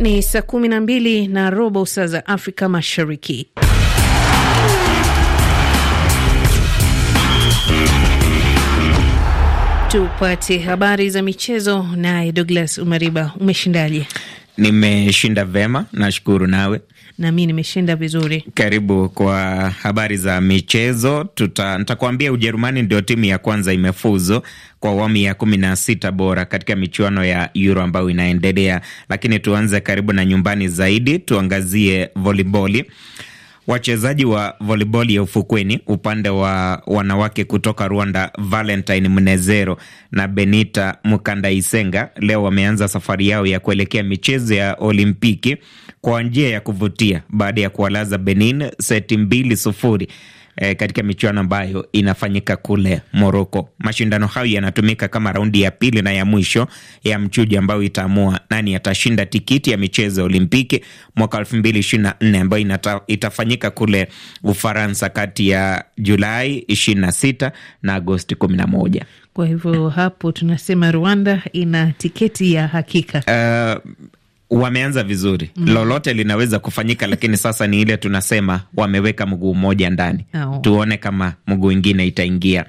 Ni saa kumi na mbili na robo saa za Afrika Mashariki. Tupate habari za michezo naye Douglas Umariba. Umeshindaje? Nimeshinda vema, nashukuru. Nawe? nami nimeshinda vizuri. Karibu kwa habari za michezo. Nitakuambia Ujerumani ndio timu ya kwanza imefuzu kwa awamu ya kumi na sita bora katika michuano ya Euro ambayo inaendelea, lakini tuanze karibu na nyumbani zaidi, tuangazie voliboli. Wachezaji wa voliboli ya ufukweni upande wa wanawake kutoka Rwanda, Valentine Mnezero na Benita Mukandaisenga leo wameanza safari yao ya kuelekea michezo ya Olimpiki kwa njia ya kuvutia baada ya kuwalaza Benin seti mbili sufuri e, katika michuano ambayo inafanyika kule Moroko. Mashindano hayo yanatumika kama raundi ya pili na ya mwisho ya mchuji ambayo itaamua nani atashinda tikiti ya michezo ya Olimpiki mwaka elfu mbili ishirini na nne ambayo inata, itafanyika kule Ufaransa kati ya Julai ishirini na sita na Agosti kumi na moja. Kwa hivyo hapo tunasema Rwanda ina tiketi ya hakika. Uh, wameanza vizuri mm. Lolote linaweza kufanyika, lakini sasa ni ile tunasema wameweka mguu mmoja ndani oh. Tuone kama mguu ingine itaingia.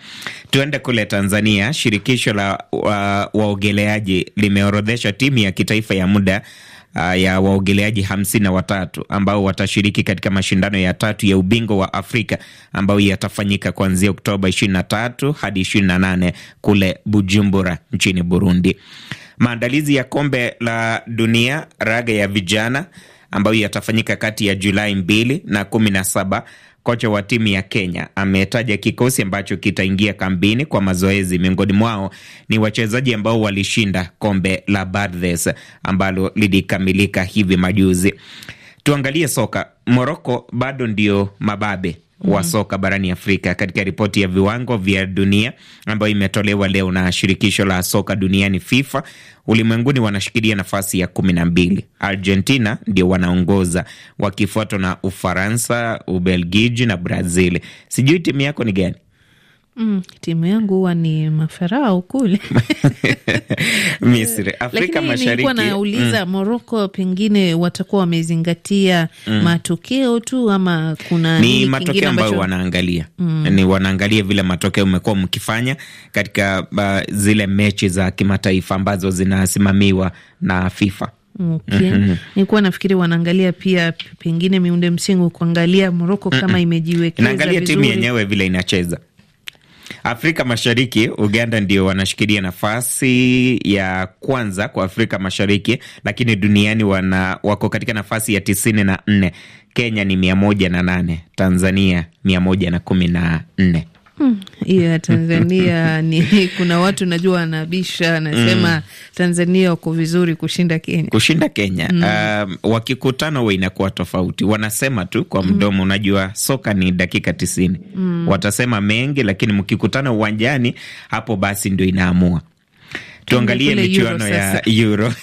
Tuende kule Tanzania. Shirikisho la waogeleaji limeorodhesha timu ya kitaifa ya muda Uh, ya waogeleaji hamsini na watatu ambao watashiriki katika mashindano ya tatu ya ubingwa wa Afrika ambayo yatafanyika kuanzia Oktoba tatu hadi nane kule Bujumbura nchini Burundi. Maandalizi ya kombe la dunia raga ya vijana ambayo yatafanyika kati ya Julai mbili na kumi na saba. Kocha wa timu ya Kenya ametaja kikosi ambacho kitaingia kambini kwa mazoezi. Miongoni mwao ni wachezaji ambao walishinda kombe la Bardes ambalo lilikamilika hivi majuzi. Tuangalie soka. Moroko bado ndio mababe wa soka barani Afrika katika ripoti ya viwango vya dunia ambayo imetolewa leo na shirikisho la soka duniani FIFA. Ulimwenguni wanashikilia nafasi ya kumi na mbili. Argentina ndio wanaongoza wakifuatwa na Ufaransa, Ubelgiji na Brazil. Sijui timu yako ni gani? Mm, timu yangu huwa ni mafarao kule Misri, eh, Afrika Mashariki. Nilikuwa nauliza mm. Moroko pengine watakuwa wamezingatia mm. matokeo tu ama kuna ni matokeo ambayo wanaangalia mm. ni wanaangalia vile matokeo umekuwa mkifanya katika uh, zile mechi za kimataifa ambazo zinasimamiwa na FIFA. Okay. Mm -hmm. Nikuwa nafikiri wanaangalia pia pengine miunde msingi, kuangalia Moroko kama mm -hmm. imejiwekeza vizuri, inaangalia timu yenyewe vile inacheza Afrika Mashariki, Uganda ndio wanashikilia nafasi ya kwanza kwa Afrika Mashariki, lakini duniani wana, wako katika nafasi ya tisini na nne. Kenya ni mia moja na nane, Tanzania mia moja na kumi na nne. Hmm. hiyo ya Tanzania ni kuna watu najua wanabisha anasema mm. Tanzania wako vizuri kushinda Kenya, kushinda Kenya mm. Um, wakikutana huwa inakuwa tofauti, wanasema tu kwa hmm. mdomo mm. Unajua soka ni dakika tisini mm. watasema mengi, lakini mkikutana uwanjani hapo basi ndio inaamua Tuangalie michuano ya Euro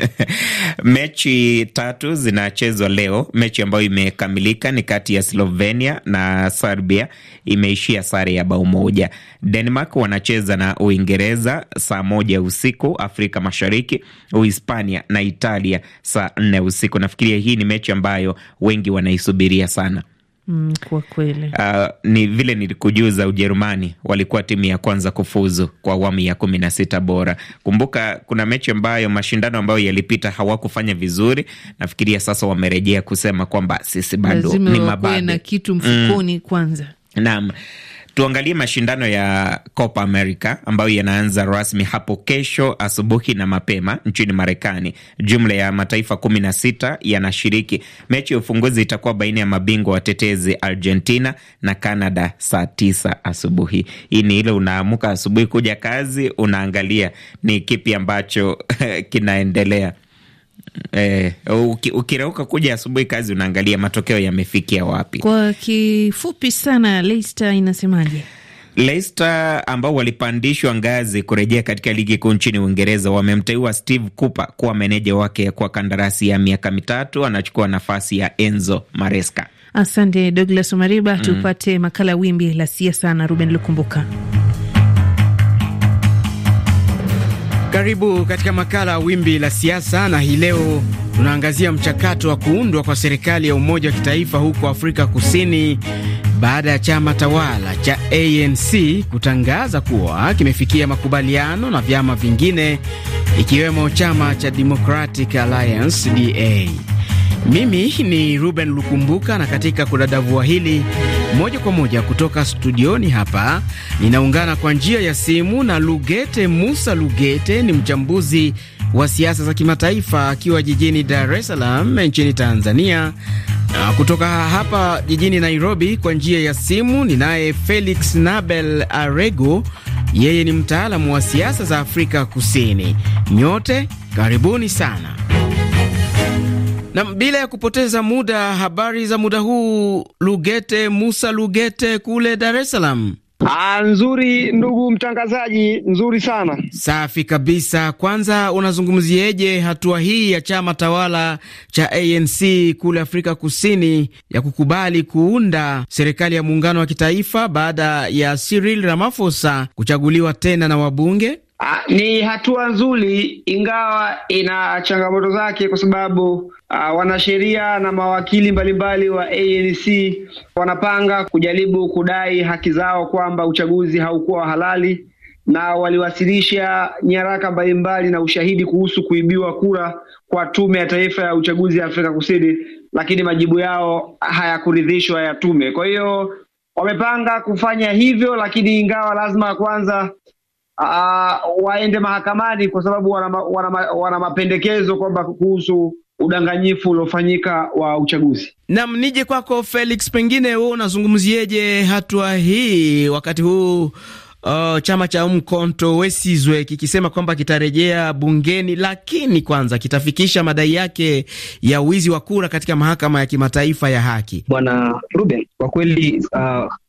mechi tatu zinachezwa leo. Mechi ambayo imekamilika ni kati ya Slovenia na Serbia, imeishia sare ya bao moja. Denmark wanacheza na Uingereza saa moja usiku Afrika Mashariki, Uhispania na Italia saa nne usiku. Nafikiria hii ni mechi ambayo wengi wanaisubiria sana. Mm, kwa kweli. Uh, ni vile nilikujuza, Ujerumani walikuwa timu ya kwanza kufuzu kwa awamu ya kumi na sita bora. Kumbuka kuna mechi ambayo mashindano ambayo yalipita hawakufanya vizuri. Nafikiria sasa wamerejea kusema kwamba sisi bado ni mababe na kitu mm. mfukoni mm. Kwanza naam. Tuangalie mashindano ya Copa America ambayo yanaanza rasmi hapo kesho asubuhi na mapema nchini Marekani. Jumla ya mataifa kumi na sita yanashiriki. Mechi ya ufunguzi itakuwa baina ya mabingwa watetezi Argentina na Canada saa tisa asubuhi. Hii ni ile unaamuka asubuhi kuja kazi, unaangalia ni kipi ambacho kinaendelea. Eh, ukirauka kuja asubuhi kazi unaangalia matokeo yamefikia wapi. Kwa kifupi sana, Leicester inasemaje? Leicester ambao walipandishwa ngazi kurejea katika ligi kuu nchini Uingereza wamemteua Steve Cooper kuwa meneja wake kwa kandarasi ya miaka mitatu, anachukua nafasi ya Enzo Maresca. Asante Douglas Omariba. Mm, tupate makala ya wimbi la siasa na Ruben Lukumbuka. Karibu katika makala ya Wimbi la Siasa, na hii leo tunaangazia mchakato wa kuundwa kwa serikali ya umoja wa kitaifa huko Afrika Kusini baada ya chama tawala cha ANC kutangaza kuwa kimefikia makubaliano na vyama vingine ikiwemo chama cha Democratic Alliance DA. Mimi ni Ruben Lukumbuka, na katika kudadavua hili moja kwa moja kutoka studioni hapa ninaungana kwa njia ya simu na Lugete Musa. Lugete ni mchambuzi wa siasa za kimataifa akiwa jijini Dar es Salaam nchini Tanzania, na kutoka hapa jijini Nairobi kwa njia ya simu ninaye Felix Nabel Arego, yeye ni mtaalamu wa siasa za Afrika Kusini. Nyote karibuni sana. Na bila ya kupoteza muda, habari za muda huu, Lugete Musa Lugete kule Dar es Salaam. Aa, nzuri ndugu mtangazaji, nzuri sana. Safi kabisa. Kwanza unazungumzieje hatua hii ya chama tawala cha ANC kule Afrika Kusini ya kukubali kuunda serikali ya muungano wa kitaifa baada ya Cyril Ramaphosa kuchaguliwa tena na wabunge? Ah, ni hatua nzuri ingawa ina changamoto zake kwa sababu ah, wanasheria na mawakili mbalimbali wa ANC wanapanga kujaribu kudai haki zao kwamba uchaguzi haukuwa halali na waliwasilisha nyaraka mbalimbali na ushahidi kuhusu kuibiwa kura kwa Tume ya Taifa ya Uchaguzi ya Afrika Kusini, lakini majibu yao hayakuridhishwa ya tume. Kwa hiyo wamepanga kufanya hivyo, lakini ingawa lazima kwanza uh, waende mahakamani kwa sababu wana, wana, wana mapendekezo kwamba kuhusu udanganyifu uliofanyika wa uchaguzi. nam nije kwako Felix, pengine wewe unazungumzieje hatua hii wakati huu uh, chama cha mkonto wesizwe kikisema kwamba kitarejea bungeni, lakini kwanza kitafikisha madai yake ya wizi wa kura katika mahakama ya kimataifa ya haki. Bwana Ruben, kwa kweli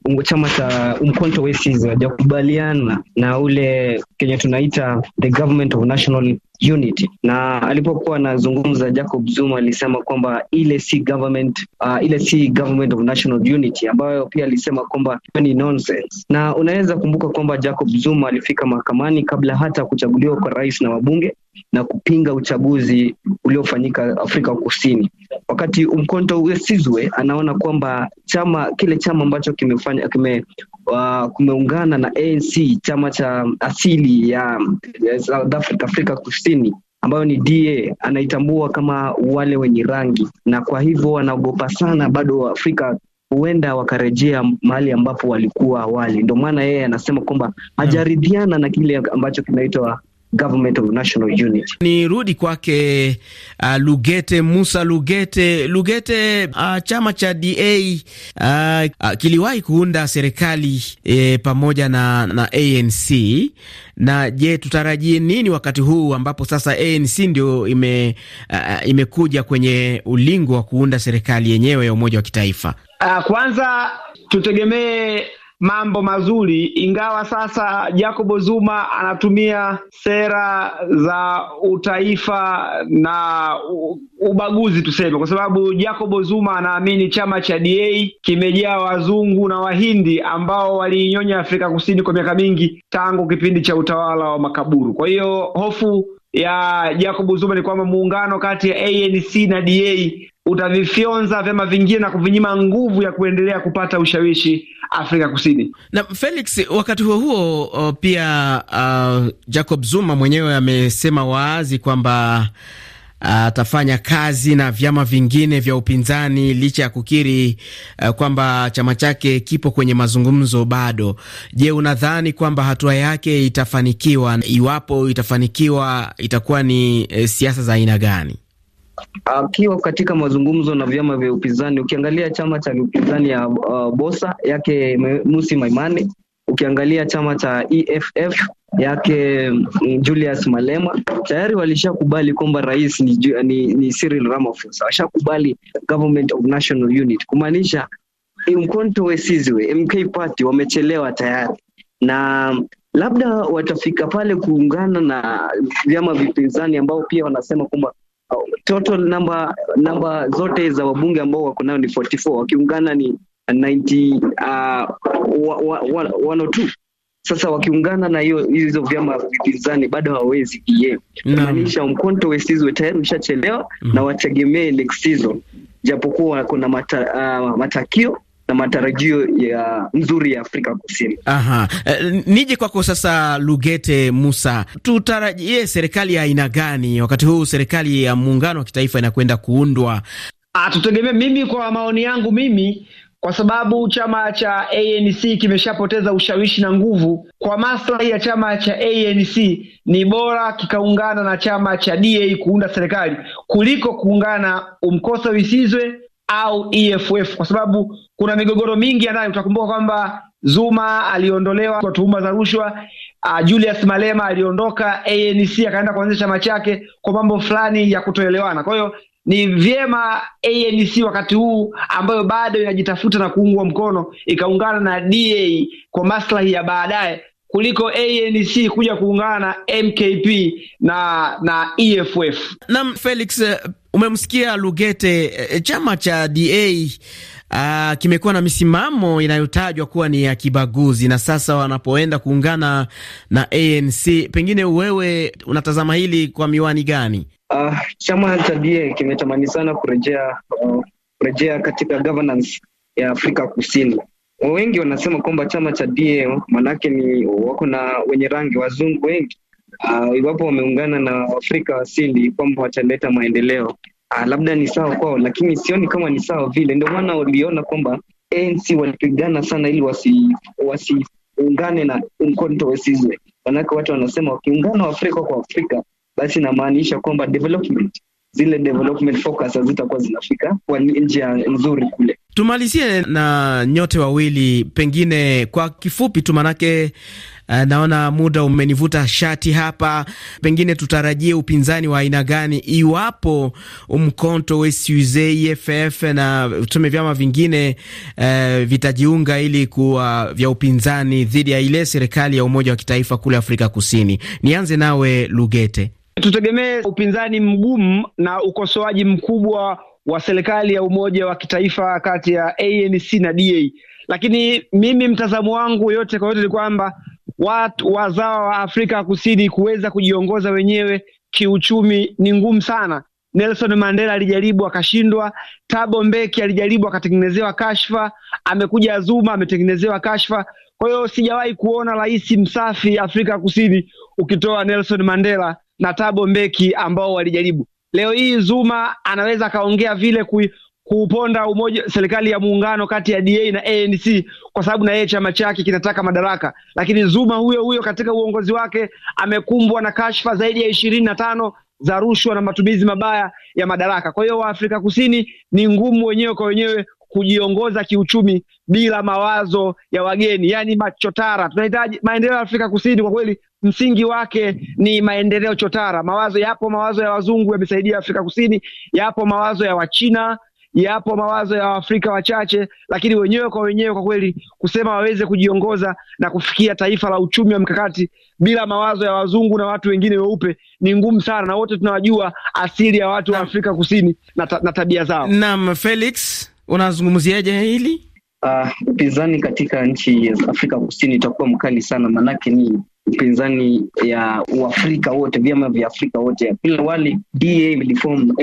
uh, chama cha Umkhonto we Sizwe hajakubaliana na ule kenye tunaita the government of national unity, na alipokuwa anazungumza Jacob Zuma alisema kwamba ile si government uh, ile si government of national unity, ambayo pia alisema kwamba ni nonsense. Na unaweza kumbuka kwamba Jacob Zuma alifika mahakamani kabla hata kuchaguliwa kwa rais na wabunge na kupinga uchaguzi uliofanyika Afrika Kusini, wakati Umkhonto we Sizwe anaona kwamba chama kile chama ambacho kimefanya kime kumeungana na ANC chama cha asili ya, South Africa, Afrika Kusini ambayo ni DA anaitambua kama wale wenye rangi, na kwa hivyo wanaogopa sana bado afrika huenda wakarejea mahali ambapo walikuwa awali. Ndio maana yeye anasema kwamba hmm. hajaridhiana na kile ambacho kinaitwa government of national unity. Ni rudi kwake uh, Lugete Musa Lugete Lugete. Uh, chama cha DA uh, uh, kiliwahi kuunda serikali eh, pamoja na, na ANC na je, tutarajie nini wakati huu ambapo sasa ANC ndio ime, uh, imekuja kwenye ulingo wa kuunda serikali yenyewe ya umoja wa kitaifa? Uh, kwanza tutegemee mambo mazuri, ingawa sasa Jacob Zuma anatumia sera za utaifa na ubaguzi tuseme, kwa sababu Jacob Zuma anaamini chama cha DA kimejaa wazungu na wahindi ambao waliinyonya Afrika Kusini kwa miaka mingi tangu kipindi cha utawala wa makaburu. Kwa hiyo hofu ya Jacob Zuma ni kwamba muungano kati ya ANC na DA utavifyonza vyama vingine na kuvinyima nguvu ya kuendelea kupata ushawishi Afrika Kusini. Na Felix, wakati huo huo o, pia uh, Jacob Zuma mwenyewe amesema wazi kwamba atafanya uh, kazi na vyama vingine vya upinzani licha ya kukiri uh, kwamba chama chake kipo kwenye mazungumzo bado. Je, unadhani kwamba hatua yake itafanikiwa? Iwapo itafanikiwa, itakuwa ni e, siasa za aina gani? akiwa katika mazungumzo na vyama vya upinzani. Ukiangalia chama cha upinzani ya uh, Bosa yake Musi Maimane, ukiangalia chama cha EFF yake mm, Julius Malema tayari walishakubali kwamba rais ni, ni, ni Cyril Ramaphosa, washakubali government of national unit, kumaanisha Mkhonto we Sizwe MK Party wamechelewa tayari, na labda watafika pale kuungana na vyama vipinzani ambao pia wanasema kwamba total number, number zote za wabunge ambao wako nayo ni 44 wakiungana ni 90 uh, 102 sasa wakiungana na hiyo hizo vyama vipinzani bado hawawezi pm kumaanisha Mkonto West tayari ushachelewa mm -hmm. na wategemee next season japokuwa kuna mata, uh, matakio na matarajio ya nzuri ya Afrika Kusini. Aha. E, nije kwako sasa Lugete Musa, tutarajie serikali ya aina gani wakati huu serikali ya muungano wa kitaifa inakwenda kuundwa? Ah, tutegemee, mimi kwa maoni yangu mimi kwa sababu chama cha ANC kimeshapoteza ushawishi na nguvu. Kwa maslahi ya chama cha ANC ni bora kikaungana na chama cha DA kuunda serikali kuliko kuungana umkosa Wisizwe au EFF, kwa sababu kuna migogoro mingi ya ndani. Utakumbuka kwamba Zuma aliondolewa kwa tuhuma za rushwa. Uh, Julius Malema aliondoka ANC akaenda kuanzisha chama chake kwa mambo fulani ya kutoelewana. Kwa hiyo ni vyema ANC wakati huu ambayo bado inajitafuta na kuungwa mkono ikaungana na DA kwa maslahi ya baadaye kuliko ANC kuja kuungana na MKP na na EFF. Naam, Felix, eh, umemsikia Lugete. Eh, eh, chama cha DA uh, ah, kimekuwa na misimamo inayotajwa kuwa ni ya kibaguzi, na sasa wanapoenda kuungana na ANC, pengine wewe unatazama hili kwa miwani gani? Uh, chama cha DA kimetamani sana kurejea, uh, kurejea katika governance ya Afrika Kusini wengi wanasema kwamba chama cha DA manake ni wako na wenye rangi wazungu wengi uh, iwapo wameungana na Afrika wasili kwamba wataleta maendeleo uh, labda ni sawa kwao, lakini sioni kama ni sawa vile. Ndio maana waliona kwamba ANC walipigana sana ili wasiungane wasi, na Umkhonto we manake watu wanasema wakiungana Afrika kwa Afrika basi inamaanisha kwamba development zile development focus hazitakuwa zinafika kwa njia nzuri kule Tumalizie na nyote wawili, pengine kwa kifupi tu, manake uh, naona muda umenivuta shati hapa. Pengine tutarajie upinzani wa aina gani iwapo Umkonto SUZ, EFF na tume vyama vingine uh, vitajiunga ili kuwa vya upinzani dhidi ya ile serikali ya umoja wa kitaifa kule Afrika Kusini? Nianze nawe Lugete. Tutegemee upinzani mgumu na ukosoaji mkubwa wa serikali ya umoja wa kitaifa kati ya ANC na DA. Lakini mimi mtazamo wangu yote kwa yote ni kwamba watu wazawa wa Afrika Kusini kuweza kujiongoza wenyewe kiuchumi ni ngumu sana. Nelson Mandela alijaribu akashindwa. Thabo Mbeki alijaribu akatengenezewa kashfa, amekuja Zuma ametengenezewa kashfa. Kwa hiyo sijawahi kuona rais msafi Afrika Kusini ukitoa Nelson Mandela na Thabo Mbeki ambao walijaribu. Leo hii Zuma anaweza akaongea vile kui, kuuponda umoja serikali ya muungano kati ya DA na ANC kwa sababu na yeye chama chake kinataka madaraka, lakini Zuma huyo huyo katika uongozi wake amekumbwa na kashfa zaidi ya ishirini na tano za rushwa na matumizi mabaya ya madaraka. Kwa hiyo Waafrika Kusini ni ngumu wenyewe kwa wenyewe kujiongoza kiuchumi bila mawazo ya wageni, yaani machotara. Tunahitaji maendeleo ya Afrika Kusini, kwa kweli msingi wake ni maendeleo chotara. Mawazo yapo, mawazo ya wazungu yamesaidia Afrika Kusini, yapo mawazo ya Wachina, yapo mawazo ya Waafrika wachache, lakini wenyewe kwa wenyewe, kwa kweli kusema waweze kujiongoza na kufikia taifa la uchumi wa mkakati bila mawazo ya wazungu na watu wengine weupe ni ngumu sana, na wote tunawajua asili ya watu wa Afrika Kusini na, ta, na tabia zao. Naam, Felix, unazungumziaje hili? Uh, upinzani katika nchi ya Afrika Kusini itakuwa mkali sana, maanake ni upinzani ya Uafrika wote, vyama vya Afrika wote. Bila wali DA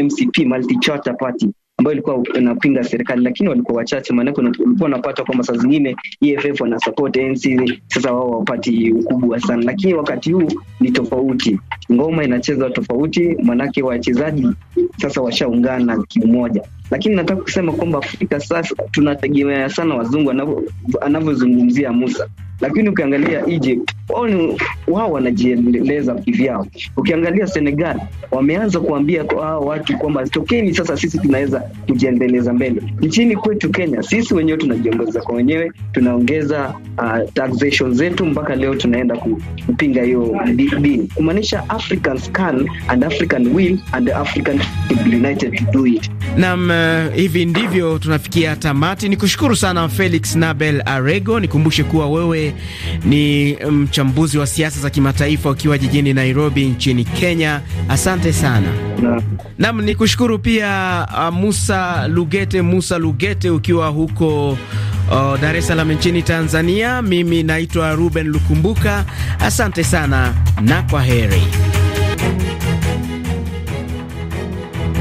MCP, Multi Charter Party ambayo ilikuwa inapinga serikali, lakini walikuwa wachache, maanake ulikuwa unapata kwamba saa zingine EFF support NC, sasa wao wapati ukubwa sana, lakini wakati huu ni tofauti, ngoma inachezwa tofauti, maanake wachezaji sasa washaungana kimoja lakini nataka kusema kwamba Afrika sasa tunategemea sana wazungu, anavyozungumzia Musa lakini ukiangalia Egypt wao ni wao wanajiendeleza kivyao. Ukiangalia Senegal wameanza kuambia hao watu kwamba tokeni sasa, sisi tunaweza kujiendeleza mbele. Nchini kwetu Kenya sisi wenyewe tunajiongeza kwa wenyewe, tunaongeza uh, taxation zetu mpaka leo tunaenda kupinga hiyo dini, kumaanisha Africans can and African will and African united to do it. Naam, eh, hivi ndivyo tunafikia tamati. ni kushukuru sana Felix Nabel Arego, nikumbushe kuwa wewe ni mm, mchambuzi wa siasa za kimataifa ukiwa jijini Nairobi nchini Kenya. Asante sana na. Nam ni kushukuru pia uh, Musa Lugete, Musa Lugete ukiwa huko Oh, Dar es Salaam nchini Tanzania. Mimi naitwa Ruben Lukumbuka. Asante sana na kwa heri.